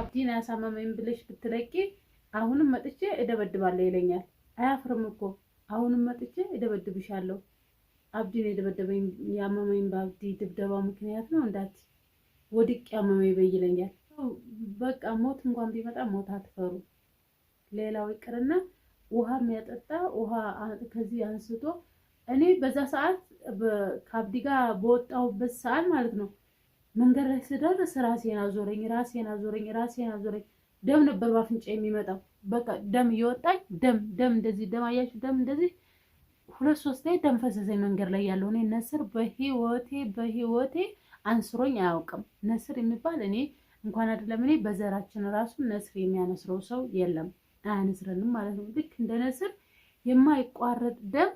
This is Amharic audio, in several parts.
አብዲን አያሳመመኝ ብለሽ ብትለቂ አሁንም መጥቼ እደበድባለሁ ይለኛል። አያፍርም እኮ አሁንም መጥቼ እደበድብሻለሁ። አብዲን የደበደበኝ ያመመኝ በአብዲ ድብደባ ምክንያት ነው እንዳት ወድቅ ያመመኝ በይ ይለኛል። በቃ ሞት እንኳን ቢመጣ ሞት አትፈሩ። ሌላው ይቅርና ውሃ የሚያጠጣ ውሃ ከዚህ አንስቶ እኔ በዛ ሰዓት ከአብዲ ጋር በወጣሁበት ሰዓት ማለት ነው መንገድ ላይ ስደርስ ራሴን አዞረኝ፣ ራሴን አዞረኝ፣ ራሴን አዞረኝ። ደም ነበር ባፍንጫ የሚመጣው። በቃ ደም እየወጣኝ ደም ደም እንደዚህ ደም አያችሁ፣ ደም እንደዚህ ሁለት ሶስት ላይ ደም ፈሰሰኝ። መንገድ ላይ ያለው እኔ ነስር በህይወቴ በህይወቴ አንስሮኝ አያውቅም። ነስር የሚባል እኔ እንኳን አይደለም እኔ በዘራችን ራሱ ነስር የሚያነስረው ሰው የለም፣ አያነስረንም ማለት ነው። ልክ እንደ ነስር የማይቋረጥ ደም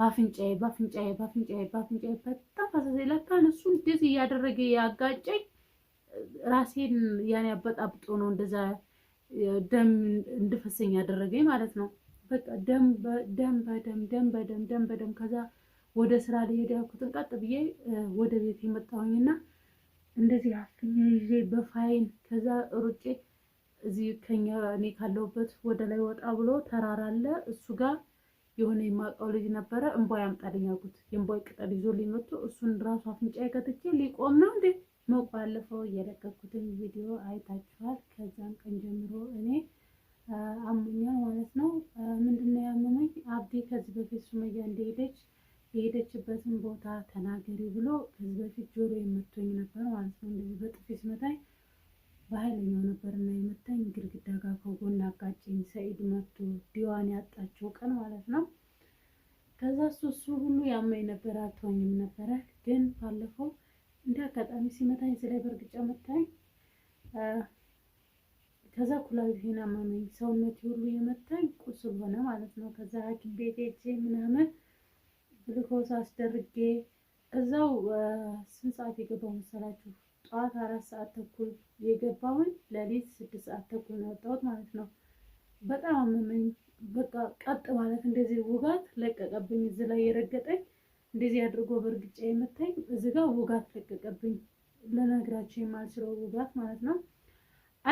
በአፍንጫዬ በአፍንጫዬ በአፍንጫዬ በአፍንጫዬ በጣም ፈሰሰ። ለካ እሱ እንደዚህ እያደረገ ያጋጨኝ ራሴን ያን ያበጣብጦ ነው እንደዛ ደም እንድፈሰኝ ያደረገኝ ማለት ነው። በቃ ደም በደም በደም ደም በደም ደም በደም ከዛ ወደ ስራ ልሄድ ያልኩትን ቀጥ ብዬ ወደ ቤት የመጣሁኝና እንደዚህ አፍኜ ይዤ በፋይን ከዛ ሩጬ እዚህ ከኛ እኔ ካለሁበት ወደ ላይ ወጣ ብሎ ተራራ አለ እሱ ጋር የሆነ የማውቀው ልጅ ነበረ እንቧይ አምጣልኝ አልኩት። የእንቧይ ቅጠል ይዞልኝ መጥቶ እሱን ራሱ አፍንጫ የከትቼ ሊቆም ነው እንዴ ሞቅ ባለፈው እየለቀኩትን ቪዲዮ አይታችኋል። ከዛም ቀን ጀምሮ እኔ አሞኛል ማለት ነው። ምንድነው ያመመኝ? አብዴ ከዚህ በፊት ሱመያ እንደሄደች የሄደችበትን ቦታ ተናገሪ ብሎ ከዚህ በፊት ጆሮ የመቶኝ ነበር ማለት ነው። እንደዚህ በጥፊ ሲመታኝ በኃይለኛው ነበርና የመታኝ ግድግዳ ጋር ከጎን አጋጨኝ። ሰኢድ መቶ ዲዋን ያጣቸው ቀን ማለት ነው። ከዛ እሱ እሱ ሁሉ ያመኝ ነበረ፣ አልተወኝም ነበረ። ግን ባለፈው እንደ አጋጣሚ ሲመታኝ ስለ በእርግጫ መታኝ። ከዛ ኩላሊቴን አመመኝ፣ ሰውነት ሁሉ የመታኝ ቁስል ሆነ ማለት ነው። ከዛ ሐኪም ቤት ሄጄ ምናምን ግሉኮስ አስደርጌ እዛው ስንት ሰዓት የገባው መሰላችሁ? ጠዋት አራት ሰዓት ተኩል የገባሁኝ ለሊት ስድስት ሰዓት ተኩል ነው የወጣሁት ማለት ነው። በጣም አመመኝ። በቃ ቀጥ ማለት እንደዚህ ውጋት ለቀቀብኝ። እዚህ ላይ የረገጠኝ እንደዚህ አድርጎ በእርግጫ የመታኝ እዚህ ጋር ውጋት ለቀቀብኝ። ለነግራቸው የማልችለው ውጋት ማለት ነው።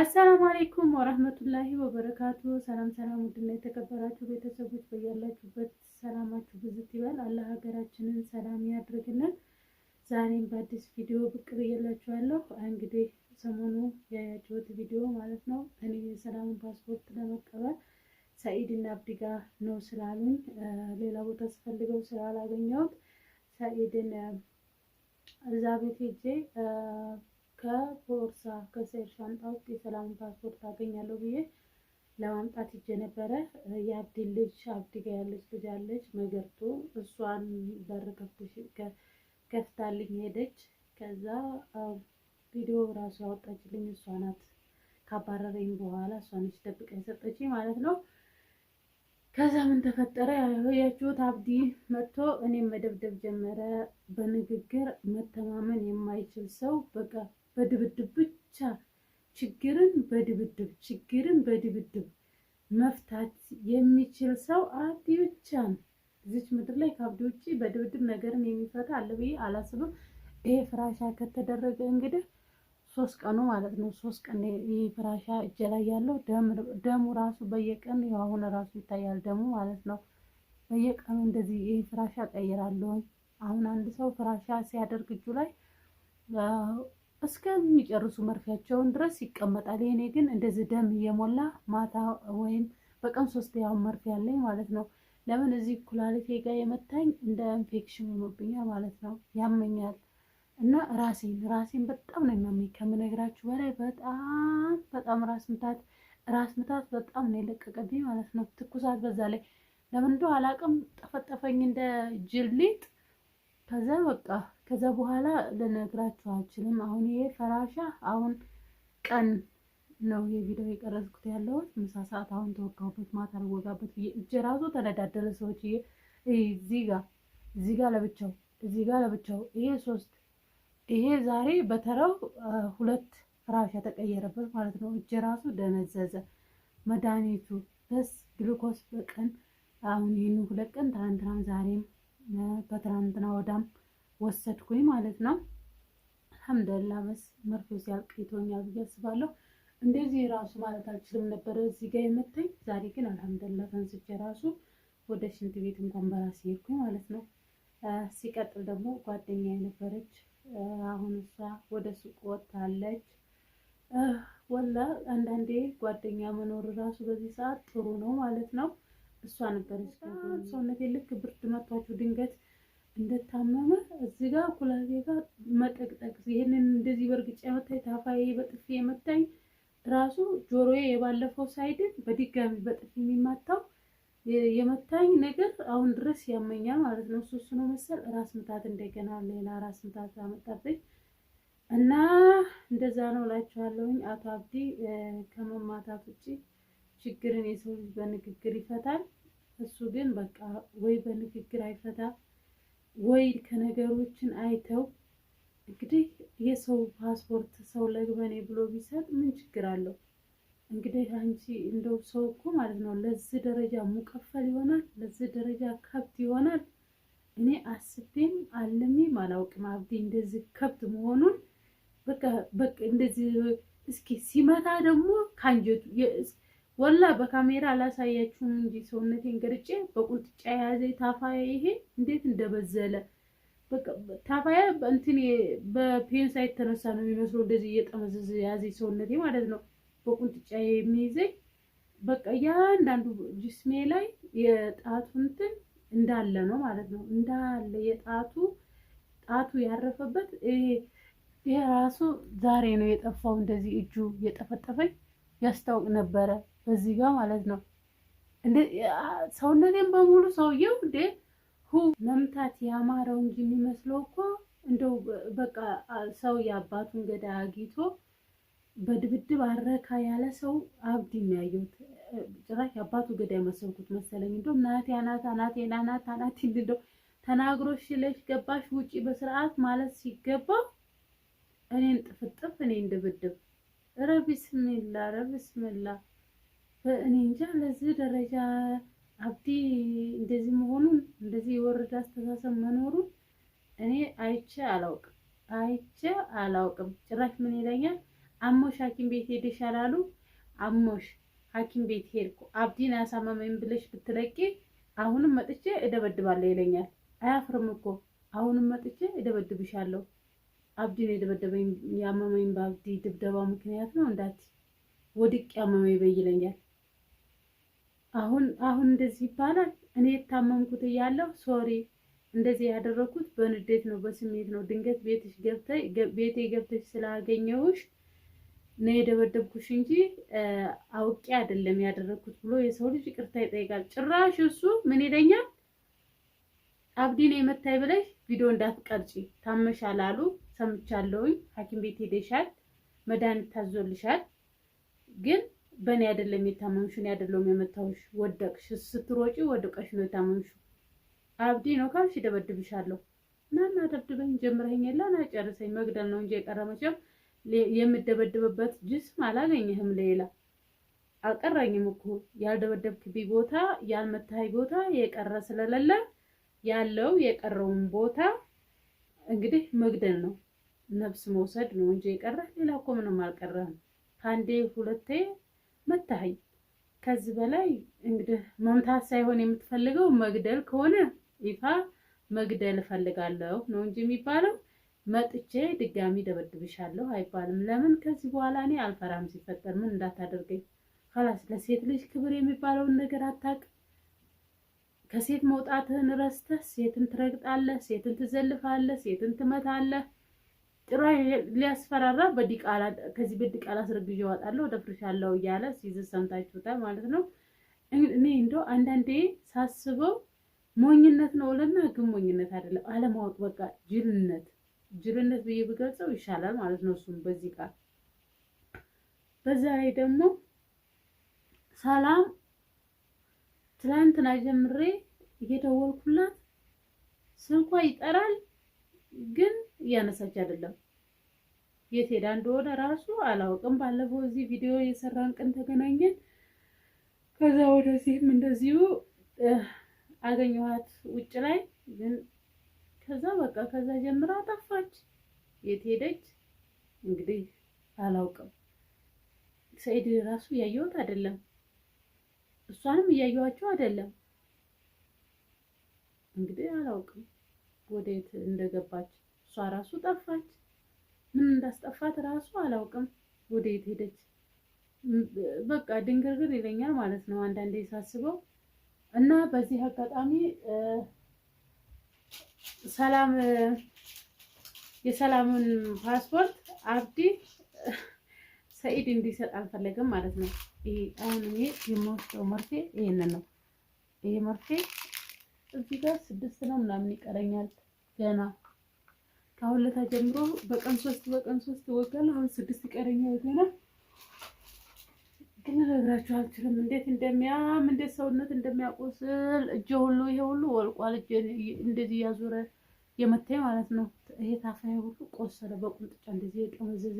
አሰላሙ አሌይኩም ወረህመቱላሂ ወበረካቱ። ሰላም ሰላም፣ ውድና የተከበራችሁ ቤተሰቦች በያላችሁበት ሰላማችሁ ብዙ ይበል። አላህ ሀገራችንን ሰላም ያድርግልን። ዛሬም በአዲስ ቪዲዮ ብቅ ብዬላችኋለሁ። እንግዲህ ሰሞኑ ያያችሁት ቪዲዮ ማለት ነው እኔ የሰላምን ፓስፖርት ለመቀበል ሰኢድ እና አብዲ ጋር ነው ስላሉኝ ሌላ ቦታ ስፈልገው ስላላገኘሁት ሰኢድን እዛ ቤት ሄጄ ከቦርሳ ከሰኢድ ሻንጣ ውስጥ የሰላምን ፓስፖርት አገኛለሁ ብዬ ለማምጣት ሄጄ ነበረ። የአብዲ ልጅ አብዲ ጋ ያለች ልጅ አለች መገርቱ እሷን በር ከፍቶ ከፍታልኝ ሄደች። ከዛ ቪዲዮ ራሱ ያወጣችልኝ እሷ ናት። ካባረረኝ በኋላ እሷ ነች ደብቃ የሰጠችኝ ማለት ነው። ከዛ ምን ተፈጠረ? ያችሁት አብዲ መጥቶ እኔም መደብደብ ጀመረ። በንግግር መተማመን የማይችል ሰው በቃ በድብድብ ብቻ ችግርን በድብድብ ችግርን በድብድብ መፍታት የሚችል ሰው አብዲ ብቻ ነው። እዚች ምድር ላይ ከአብድ ውጭ በድብድብ ነገርን የሚፈታ አለ ብዬ አላስብም። ይሄ ፍራሻ ከተደረገ እንግዲህ ሶስት ቀኑ ማለት ነው። ሶስት ቀን ይህ ፍራሻ እጄ ላይ ያለው ደሙ ራሱ በየቀን ያው አሁን ራሱ ይታያል ደሙ ማለት ነው። በየቀኑ እንደዚህ ይህ ፍራሻ ቀይራለሁ። አሁን አንድ ሰው ፍራሻ ሲያደርግ እጁ ላይ እስከሚጨርሱ መርፊያቸውን ድረስ ይቀመጣል። ይሄኔ ግን እንደዚህ ደም እየሞላ ማታ ወይም በቀን ሶስት ያው መርፊያ አለኝ ማለት ነው። ለምን እዚህ ኩላሊቴ ጋር የመታኝ እንደ ኢንፌክሽን ሆኖብኛል ማለት ነው። ያመኛል እና ራሴን ራሴን በጣም ነው የሚያመኝ ከምነግራችሁ በላይ በጣም በጣም ራስ ምታት ራስ ምታት በጣም ነው የለቀቀብኝ ማለት ነው። ትኩሳት በዛ ላይ ለምን እንደው አላቅም ጠፈጠፈኝ እንደ ጅሊጥ። ከዛ በቃ ከዛ በኋላ ልነግራችሁ አልችልም። አሁን ይሄ ፈራሻ አሁን ቀን ነው የቪዲዮ የቀረጽኩት ያለውን ምሳ ሰዓት አሁን ተወጋሁበት፣ ማታ አልወጋበት ብዬ እጄ ራሱ ተነዳደረ። ሰዎች እዚህ ጋ እዚህ ጋ ለብቻው እዚህ ጋ ለብቻው ይሄ ሶስት ይሄ ዛሬ በተራው ሁለት ፍራሽ ተቀየረበት ማለት ነው። እጄ ራሱ ደነዘዘ። መድኃኒቱ ደስ ግሉኮስ በቀን አሁን ይህን ሁለት ቀን ትናንትናም ዛሬም በትናንትና ወዳም ወሰድኩኝ ማለት ነው። አልሐምዱሊላህ በስ መርፌው ሲያልቅ ይቶኛል ብዬ አስባለሁ። እንደዚህ ራሱ ማለት አልችልም ነበረ እዚህ ጋር የመታኝ። ዛሬ ግን አልሐምዱሊላህ ተንስቼ ራሱ ወደ ሽንት ቤት እንኳን በራሴ ሄድኩኝ ማለት ነው። ሲቀጥል ደግሞ ጓደኛ የነበረች አሁን እሷ ወደ ሱቅ ወጥታለች። ወላ አንዳንዴ ጓደኛ መኖር ራሱ በዚህ ሰዓት ጥሩ ነው ማለት ነው። እሷ ነበረች ሰውነቴ ልክ ብርድ መቷችሁ ድንገት እንደታመመ እዚህ ጋር ኩላሌ ጋር መጠቅጠቅ ይህንን እንደዚህ በእርግጫ የመታኝ ታፋዬ በጥፊ የመታኝ ራሱ ጆሮዬ የባለፈው ሳይድን በድጋሚ በጥፊ የሚመታው የመታኝ ነገር አሁን ድረስ ያመኛል ማለት ነው። እሱ ነው መሰል ራስ ምታት እንደገና ሌላ ራስ ምታት ያመጣብኝ እና እንደዛ ነው እላችኋለሁኝ። አቶ አብዲ ከመማታት ውጭ ችግርን የሰው ልጅ በንግግር ይፈታል። እሱ ግን በቃ ወይ በንግግር አይፈታ ወይ ከነገሮችን አይተው እንግዲህ የሰው ፓስፖርት ሰው ለግበኔ ብሎ ቢሰጥ ምን ችግር አለው? እንግዲህ አንቺ እንደው ሰው እኮ ማለት ነው ለዚህ ደረጃ ሙቀፈል ይሆናል፣ ለዚህ ደረጃ ከብት ይሆናል። እኔ አስቤም አልሜም አላውቅም አብዴ እንደዚህ ከብት መሆኑን በቃ በቃ እንደዚህ እስኪ ሲመታ ደግሞ ከአንጀቱ ወላ በካሜራ አላሳያችሁም እንጂ ሰውነቴን ገርጬ በቁልጥጫ የያዘ ታፋ ይሄ እንዴት እንደበዘለ ታፋያ እንትን በፔንሳ የተነሳ ነው የሚመስለው። እንደዚህ እየጠመዘዘ የያዘኝ ሰውነቴ ማለት ነው፣ በቁንጥጫ የሚይዘኝ በቃ ያንዳንዱ ጅስሜ ላይ የጣቱ እንትን እንዳለ ነው ማለት ነው። እንዳለ የጣቱ ጣቱ ያረፈበት ይሄ ራሱ ዛሬ ነው የጠፋው። እንደዚህ እጁ የጠፈጠፈኝ ያስታውቅ ነበረ በዚህ ጋር ማለት ነው። ሰውነቴን በሙሉ ሰውየው እንዴ ሁ መምታት ያማረው እንጂ የሚመስለው እኮ እንደው በቃ ሰው የአባቱን ገዳ አግኝቶ በድብድብ አረካ ያለ ሰው አብድ የሚያየት ጭራሽ አባቱ ገዳ የመሰልኩት መሰለኝ። እንደው ናቴ አናት አናቴ ናናት አናቴ እንደው ተናግሮ ሽለሽ ገባሽ ውጪ በስርዓት ማለት ሲገባ እኔን ጥፍጥፍ እኔን ድብድብ። ኧረ ቢስሚላ ኧረ ቢስሚላ። እኔ እንጃ ለዚህ ደረጃ ሀብቴ እንደዚህ መሆኑን እንደዚህ የወረደ አስተሳሰብ መኖሩን እኔ አይቼ አላውቅም፣ አይቼ አላውቅም። ጭራሽ ምን ይለኛል አሞሽ ሐኪም ቤት ሄደሽ አላሉ አሞሽ ሐኪም ቤት ሄድኩ አብዲን አያሳመመኝ ብለሽ ብትለቂ አሁንም መጥቼ እደበድባለሁ ይለኛል። አያፍርም እኮ አሁንም መጥቼ እደበድብሻለሁ። አብዲን የደበደበኝ ያመመኝ በአብዲ ድብደባ ምክንያት ነው እንዳት ወድቅ ያመመኝ በይ ይለኛል። አሁን አሁን እንደዚህ ይባላል። እኔ የታመምኩት እያለሁ ሶሪ እንደዚህ ያደረኩት በንዴት ነው፣ በስሜት ነው። ድንገት ቤትሽ ገብተሽ ቤቴ ገብተሽ ስላገኘሁሽ ነው የደበደብኩሽ እንጂ አውቄ አይደለም ያደረኩት ብሎ የሰው ልጅ ይቅርታ ይጠይቃል። ጭራሽ እሱ ምን ይለኛል? አብዲ ነው የመታኝ ብለሽ ቪዲዮ እንዳትቀርጪ ታመሻል አሉ ሰምቻለሁኝ። ሐኪም ቤት ሄደሻል፣ መድኃኒት ታዞልሻል ግን በእኔ አይደለም የታመምሽ፣ እኔ አይደለም የመታሁሽ። ወደቅሽ፣ ስትሮጪ ወደቀሽ ነው የታመምሽው። አብዲ ነው ካልሽ ደበድብሻለሁ። ና ና ደብድበኝ፣ ጀምረኝ የለ ና ጨርሰኝ። መግደል ነው እንጂ የቀረ መቼም የምደበድብበት ጅስም አላገኘህም። ሌላ አልቀረኝም እኮ ያልደበደብክብኝ ቦታ ያልመታኝ ቦታ የቀረ ስለሌለ ያለው የቀረውን ቦታ እንግዲህ መግደል ነው ነፍስ መውሰድ ነው እንጂ የቀረህ ሌላ እኮ ምንም ከአንዴ ሁለቴ መታይ ከዚህ በላይ እንግዲህ መምታት ሳይሆን የምትፈልገው መግደል ከሆነ ይፋ መግደል እፈልጋለሁ ነው እንጂ የሚባለው መጥቼ ድጋሚ ደበድብሻለሁ አይባልም። ለምን ከዚህ በኋላ እኔ አልፈራም። ሲፈጠር ምን እንዳታደርገኝ ከላስ ለሴት ልጅ ክብር የሚባለውን ነገር አታቅ። ከሴት መውጣትህን ረስተህ ሴትን ትረግጣለህ፣ ሴትን ትዘልፋለህ፣ ሴትን ትመታለህ። ጭራሽ ሊያስፈራራ በዲቃላ ከዚህ ቤት ዲቃላ አስረግዤ እወጣለሁ እደፍርሻለሁ እያለ ሲዝ ሰምታችሁታል ማለት ነው። እኔ እንደው አንዳንዴ ሳስበው ሞኝነት ነው ለና ግን ሞኝነት አይደለም፣ አለማወቅ በቃ ጅልነት ጅልነት ብዬ ብገልጸው ይሻላል ማለት ነው። እሱም በዚህ ቃል በዛ ላይ ደግሞ ሰላም ትላንትና ጀምሬ እየደወልኩላት ስልኳ ይጠራል ግን እያነሳች አይደለም። የት ሄዳ እንደሆነ ራሱ አላውቅም። ባለፈው እዚህ ቪዲዮ የሰራን ቀን ተገናኘን። ከዛ ወደዚህም እንደዚሁ አገኘኋት ውጭ ላይ ግን ከዛ በቃ ከዛ ጀምራ ጠፋች። የት ሄደች እንግዲህ አላውቅም። ሰይድ ራሱ እያየሁት አይደለም፣ እሷንም እያየኋቸው አይደለም። እንግዲህ አላውቅም። ወደየት እንደገባች እሷ ራሱ ጠፋች። ምን እንዳስጠፋት ራሱ አላውቅም። ወደየት ሄደች? በቃ ድንግርግር ይለኛል ማለት ነው አንዳንዴ ሳስበው እና በዚህ አጋጣሚ ሰላም የሰላምን ፓስፖርት አብዲ ሰኢድ እንዲሰጥ አልፈለግም ማለት ነው። ይሄ አሁን እኔ የምወስደው መርፌ ይሄንን ነው። ይሄ መርፌ እዚህ ጋር ስድስት ነው ምናምን ይቀረኛል። ገና ከአሁን ለታ ጀምሮ በቀን ሶስት በቀን ሶስት ወገን አሁን ስድስት ይቀረኛ ወገና ግን እነግራችሁ አልችልም፣ እንዴት እንደሚያም እንዴት ሰውነት እንደሚያቆስል እጄ ሁሉ ይሄ ሁሉ ወልቋል። እጄ እንደዚህ እያዞረ የመታኝ ማለት ነው። ይሄ ታፋዬ ሁሉ ቆሰለ። በቁንጥጫ እንደዚህ የጠመዘዘ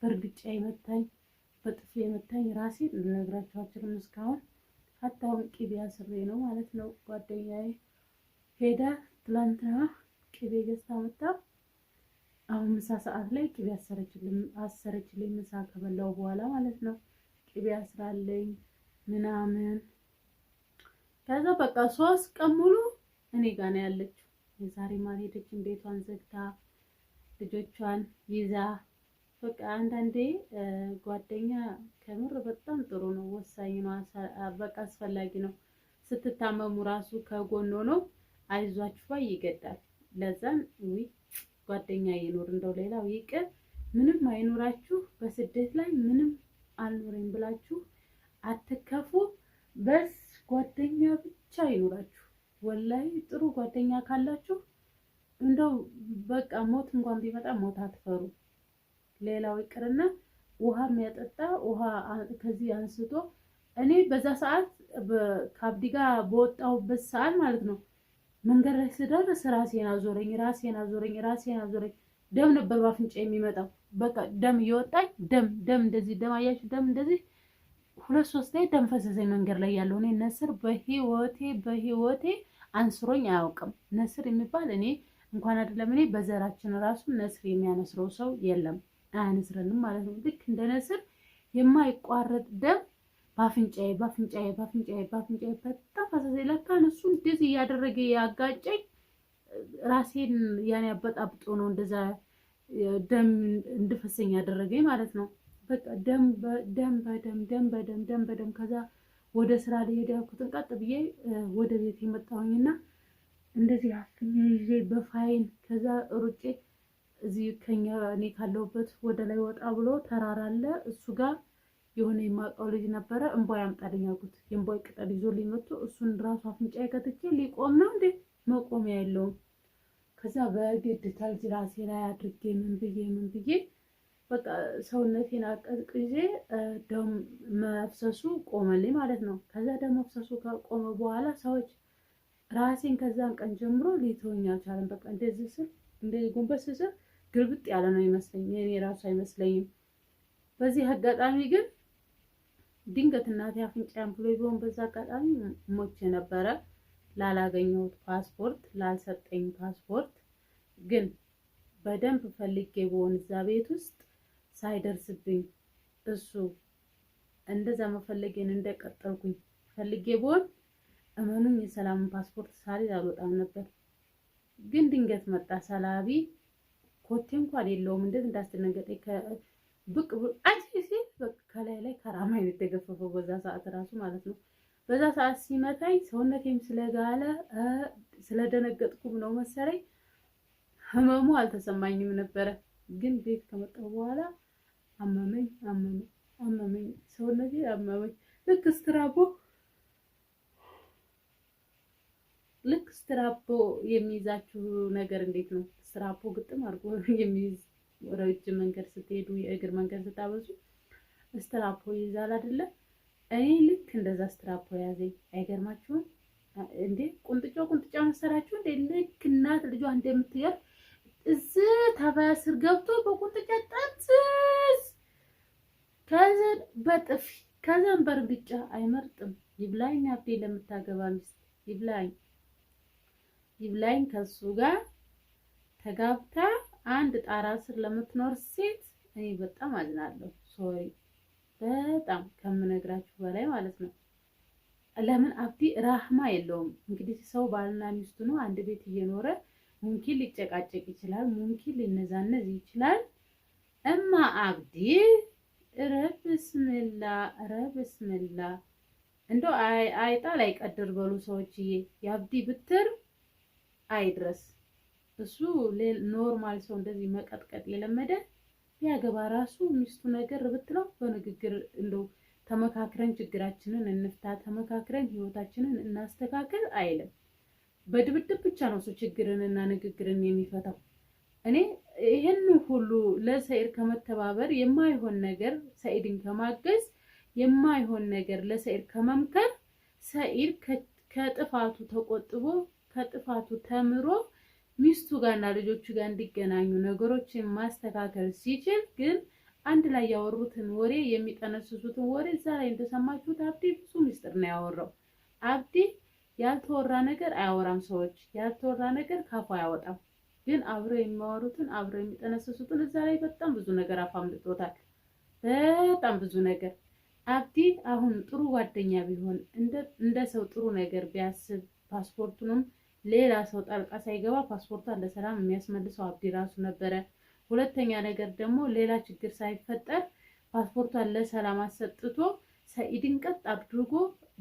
በእርግጫ የመታኝ በጥፊ የመታኝ ራሴ ልነግራችሁ አልችልም። እስካሁን ሀታውን ቂቢያ ስሬ ነው ማለት ነው። ጓደኛዬ ሄዳ ትላንትና ቅቤ ገዝታ መጣ። አሁን ምሳ ሰዓት ላይ ቅቤ አሰረችልኝ። ምሳ ከበላው በኋላ ማለት ነው። ቅቤ አስራለኝ ምናምን። ከዛ በቃ ሶስት ቀን ሙሉ እኔ ጋ ነው ያለችው። የዛሬ ማልሄደችን ቤቷን ዘግታ ልጆቿን ይዛ በቃ አንዳንዴ ጓደኛ ከምር በጣም ጥሩ ነው፣ ወሳኝ ነው፣ በቃ አስፈላጊ ነው። ስትታመሙ ራሱ ከጎን ሆኖ አይዟችሁ ባይ ይገዳል። ለዛም ውይ ጓደኛ ይኖር እንደው ሌላው ይቅር ምንም አይኖራችሁ። በስደት ላይ ምንም አልኖረኝ ብላችሁ አትከፉ። በስ ጓደኛ ብቻ ይኖራችሁ። ወላይ ጥሩ ጓደኛ ካላችሁ እንደው በቃ ሞት እንኳን ቢመጣ ሞት አትፈሩ። ሌላው ይቅርና ውሃ የሚያጠጣ ውሃ ከዚህ አንስቶ እኔ በዛ ሰዓት ከአብዲ ጋር በወጣሁበት ሰዓት ማለት ነው መንገድ ላይ ስደርስ ራሴን አዞረኝ፣ ራሴን አዞረኝ፣ ራሴን አዞረኝ። ደም ነበር በአፍንጫ የሚመጣው። በቃ ደም እየወጣኝ ደም ደም እንደዚህ ደም አያችሁ፣ ደም እንደዚህ ሁለት ሶስት ላይ ደም ፈሰሰኝ። መንገድ ላይ ያለው እኔ ነስር በህይወቴ በህይወቴ አንስሮኝ አያውቅም። ነስር የሚባል እኔ እንኳን አይደለም እኔ በዘራችን ራሱ ነስር የሚያነስረው ሰው የለም፣ አያነስረንም ማለት ነው። ልክ እንደ ነስር የማይቋረጥ ደም በአፍንጫዬ በአፍንጫዬ በአፍንጫዬ በአፍንጫዬ በጣም አሳዘኝ። ለካ እሱ እንደዚህ እያደረገ ያጋጨኝ ራሴን ያን ያበጣብጦ ነው እንደዛ ደም እንድፈሰኝ ያደረገኝ ማለት ነው። በቃ ደም በደም በደም ደም በደም ደም በደም ከዛ ወደ ስራ ሊሄድ ያልኩትን ቀጥ ብዬ ወደ ቤት የመጣሁኝና እንደዚህ አፍኜ ይዤ በፋይን ከዛ ሩጬ እዚህ ከኛ እኔ ካለሁበት ወደ ላይ ወጣ ብሎ ተራራ አለ እሱ ጋር የሆነ የማውቀው ልጅ ነበረ እንቧይ አምጣልኝ አልኩት። የእንቧይ ቅጠል ይዞ መጥቶ እሱን ራሱ አፍንጫ የከትቼ ሊቆም ነው እንዴ መቆሚያ የለውም። ከዛ በግድ ተልጅ ራሴ ላይ አድርጌ ምን ብዬ ምን ብዬ በቃ ሰውነቴን አቀዝቅዤ ደም መፍሰሱ ቆመልኝ ማለት ነው። ከዛ ደም መፍሰሱ ከቆመ በኋላ ሰዎች ራሴን ከዛን ቀን ጀምሮ ሊተወኝ አልቻለም። በቃ እንደዚህ ስል እንደዚህ ጎንበስ ስል ግልብጥ ያለ ነው ይመስለኝ፣ የኔ ራሱ አይመስለኝም። በዚህ አጋጣሚ ግን ድንገት እናቴ አፍንጫዬን ብሎ ቢሆን በዛ አጋጣሚ ሞቼ ነበረ። ላላገኘሁት ፓስፖርት ላልሰጠኝ ፓስፖርት ግን በደንብ ፈልጌ በሆን እዛ ቤት ውስጥ ሳይደርስብኝ እሱ እንደዛ መፈለጌን እንደቀጠልኩኝ ፈልጌ በሆን እመኑኝ የሰላምን ፓስፖርት ሳሪ አልወጣም ነበር። ግን ድንገት መጣ ሰላቢ ኮቴ እንኳን የለውም። እንዴት እንዳስደነገጠኝ ብቅ አጭ ሲል ከላይ ላይ ከራማ የተገፈፈው በዛ ሰዓት ራሱ ማለት ነው። በዛ ሰዓት ሲመታኝ ሰውነቴም ስለጋለ ስለደነገጥኩም ነው መሰለኝ ህመሙ አልተሰማኝም ነበረ። ግን ቤት ከመጣሁ በኋላ አመመኝ አመመኝ አመመኝ፣ ሰውነቴ አመመኝ። ልክ ስትራቦ ልክ ስትራቦ የሚይዛችሁ ነገር እንዴት ነው? ስትራቦ ግጥም አድርጎ የሚይዝ ወደ መንገድ ስትሄዱ የእግር መንገድ ስታበዙ ስትራፖ ይዛል አይደለ? እኔ ልክ እንደዛ ስትራፖ ያዘኝ። አይገርማችሁም እንዴ? ቁንጥጫ ቁንጥጫ መሰራችሁ እንዴ? ልክ እናት ልጇ እንደምትገር እዝ ተባያ ስር ገብቶ በቁንጥጫ ጠጥስ፣ ከዘን በጥፊ ከዘን በእርግጫ አይመርጥም። ይብላኝ አፌ ለምታገባ ሚስት ይብላኝ ይብላኝ ከሱ ጋር ተጋብታ አንድ ጣራ ስር ለምትኖር ሴት እኔ በጣም አዝናለሁ። ሶሪ በጣም ከምነግራችሁ በላይ ማለት ነው። ለምን አብዲ ራህማ የለውም። እንግዲህ ሰው ባልና ሚስቱ ነው፣ አንድ ቤት እየኖረ ሙንኪን ሊጨቃጨቅ ይችላል፣ ሙንኪ ሊነዛነዝ ይችላል። እማ አብዲ ረብስምላ ረብስምላ እንዶ አይጣል አይቀድር በሉ ሰዎችዬ፣ የአብዲ ብትር አይድረስ። እሱ ኖርማል ሰው እንደዚህ መቀጥቀጥ የለመደ ቢያገባ ራሱ ሚስቱ ነገር ብትለው በንግግር እንደው ተመካክረን ችግራችንን እንፍታ፣ ተመካክረን ህይወታችንን እናስተካከል አይልም። በድብድብ ብቻ ነው እሱ እና ንግግርን የሚፈታው። እኔ ይህን ሁሉ ለሰኢድ ከመተባበር የማይሆን ነገር ሰኢድን ከማገዝ የማይሆን ነገር ለሰኢድ ከመምከር ሰኢድ ከጥፋቱ ተቆጥቦ ከጥፋቱ ተምሮ ሚስቱ ጋርና ልጆቹ ጋር እንዲገናኙ ነገሮችን ማስተካከል ሲችል ግን አንድ ላይ ያወሩትን ወሬ የሚጠነስሱትን ወሬ እዛ ላይ እንደሰማችሁት አብዲ ብዙ ሚስጥር ነው ያወራው። አብዲ ያልተወራ ነገር አያወራም። ሰዎች ያልተወራ ነገር ካፉ አያወጣም። ግን አብረው የሚያወሩትን አብረው የሚጠነስሱትን እዛ ላይ በጣም ብዙ ነገር አፋምልጦታል። በጣም ብዙ ነገር አብዲ አሁን ጥሩ ጓደኛ ቢሆን እንደ ሰው ጥሩ ነገር ቢያስብ ፓስፖርቱንም ሌላ ሰው ጣልቃ ሳይገባ ፓስፖርቷን ለሰላም የሚያስመልሰው አብዲ ራሱ ነበረ። ሁለተኛ ነገር ደግሞ ሌላ ችግር ሳይፈጠር ፓስፖርቷን ለሰላም አሰጥቶ ሰኢድን ቀጥ አድርጎ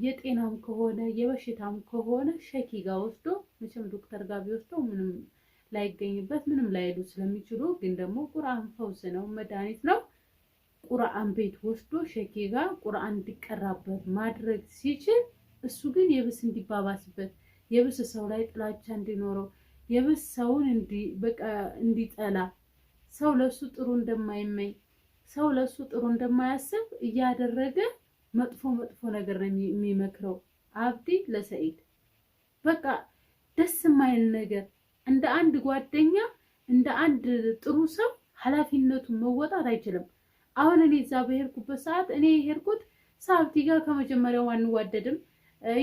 የጤናም ከሆነ የበሽታም ከሆነ ሸኪ ጋር ወስዶ መቼም ዶክተር ጋር ቢወስዶ ምንም ላይገኝበት ምንም ላይሉ ስለሚችሉ ግን ደግሞ ቁርአን ፈውስ ነው፣ መድኃኒት ነው። ቁርአን ቤት ወስዶ ሸኪ ጋር ቁርአን እንዲቀራበት ማድረግ ሲችል እሱ ግን የብስ እንዲባባስበት የብስ ሰው ላይ ጥላቻ እንዲኖረው የብስ ሰውን በቃ እንዲጠላ ሰው ለሱ ጥሩ እንደማይመኝ ሰው ለሱ ጥሩ እንደማያስብ እያደረገ መጥፎ መጥፎ ነገር ነው የሚመክረው አብዲ ለሰኢድ በቃ ደስ የማይል ነገር እንደ አንድ ጓደኛ እንደ አንድ ጥሩ ሰው ኃላፊነቱን መወጣት አይችልም። አሁን እኔ እዛ በሄድኩበት ሰዓት እኔ የሄድኩት ሳብቲ ጋር ከመጀመሪያው አንዋደድም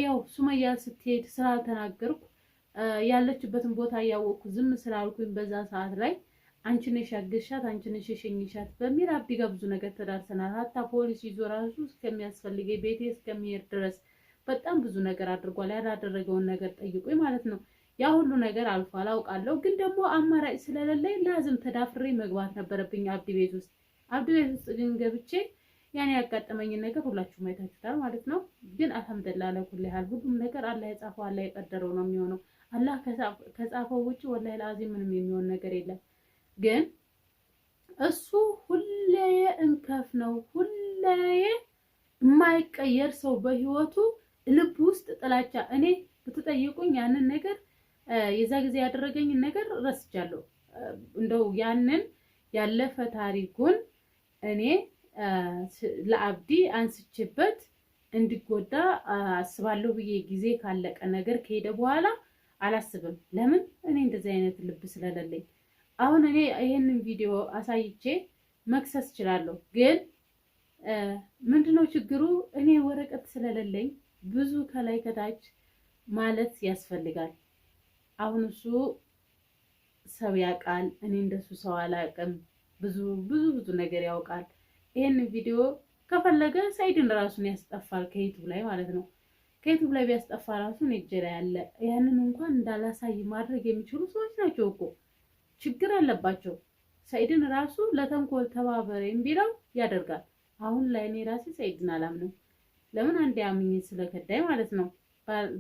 ያው ሱመያ ስትሄድ ስላልተናገርኩ ያለችበትን ቦታ እያወቅኩ ዝም ስላልኩኝ በዛ ሰዓት ላይ አንቺ ነሽ ያገሻት፣ አንቺ ነሽ የሸኝሻት በሚል አብዲ ጋር ብዙ ነገር ተዳርሰናል። ሀታ ፖሊስ ይዞ ራሱ እስከሚያስፈልገ ቤቴ እስከሚሄድ ድረስ በጣም ብዙ ነገር አድርጓል። ያላደረገውን ነገር ጠይቁኝ ማለት ነው። ያ ሁሉ ነገር አልፎ አላውቃለሁ፣ ግን ደግሞ አማራጭ ስለሌለኝ ላዝም ተዳፍሬ መግባት ነበረብኝ አብዲ ቤት ውስጥ። አብዲ ቤት ውስጥ ግን ገብቼ ያን ያጋጠመኝን ነገር ሁላችሁም አይታችሁታል ማለት ነው። ግን አልሐምዱሊላህ ለኩል ያህል ሁሉም ነገር አላህ የጻፈው አላህ የቀደረው ነው የሚሆነው። አላህ ከጻፈው ውጭ ወላሂ ለአዚም ምንም የሚሆን ነገር የለም። ግን እሱ ሁሌ እንከፍ ነው፣ ሁሌ የማይቀየር ሰው በህይወቱ ልብ ውስጥ ጥላቻ። እኔ ብትጠይቁኝ ያንን ነገር የዛ ጊዜ ያደረገኝን ነገር ረስቻለሁ። እንደው ያንን ያለፈ ታሪኩን እኔ ለአብዲ አንስቼበት እንዲጎዳ አስባለሁ ብዬ ጊዜ ካለቀ ነገር ከሄደ በኋላ አላስብም። ለምን እኔ እንደዚህ አይነት ልብ ስለሌለኝ። አሁን እኔ ይህንን ቪዲዮ አሳይቼ መክሰስ እችላለሁ፣ ግን ምንድነው ችግሩ? እኔ ወረቀት ስለሌለኝ ብዙ ከላይ ከታች ማለት ያስፈልጋል። አሁን እሱ ሰው ያውቃል፣ እኔ እንደሱ ሰው አላውቅም። ብዙ ብዙ ብዙ ነገር ያውቃል። ይህን ቪዲዮ ከፈለገ ሳይድን ራሱን ያስጠፋል ከዩቱብ ላይ ማለት ነው። ከዩቱብ ላይ ቢያስጠፋ ራሱን እጅ ያለ ያንን እንኳን እንዳላሳይ ማድረግ የሚችሉ ሰዎች ናቸው እኮ ችግር አለባቸው። ሰይድን ራሱ ለተንኮል ተባበረ ቢለው ያደርጋል። አሁን ላይ እኔ ራሴ ሰኢድን አላምንም። ለምን አንዴ አምኜ ስለከዳይ ማለት ነው።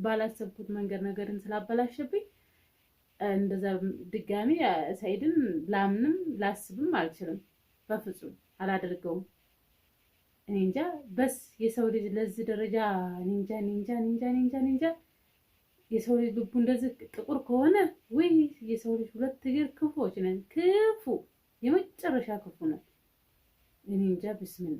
ባላሰብኩት መንገድ ነገርን ስላበላሸብኝ እንደዛ ድጋሚ ሰይድን ላምንም ላስብም አልችልም በፍጹም። አላደርገውም። እኔ እንጃ በስ የሰው ልጅ ለዚህ ደረጃ ኒንጃ ኒንጃ ኒንጃ ኒንጃ ኒንጃ የሰው ልጅ ልቡ እንደዚህ ጥቁር ከሆነ ወይ የሰው ልጅ ሁለት እግር ክፉዎች ነን። ክፉ የመጨረሻ ክፉ ነን። እኔ እንጃ ብስምላ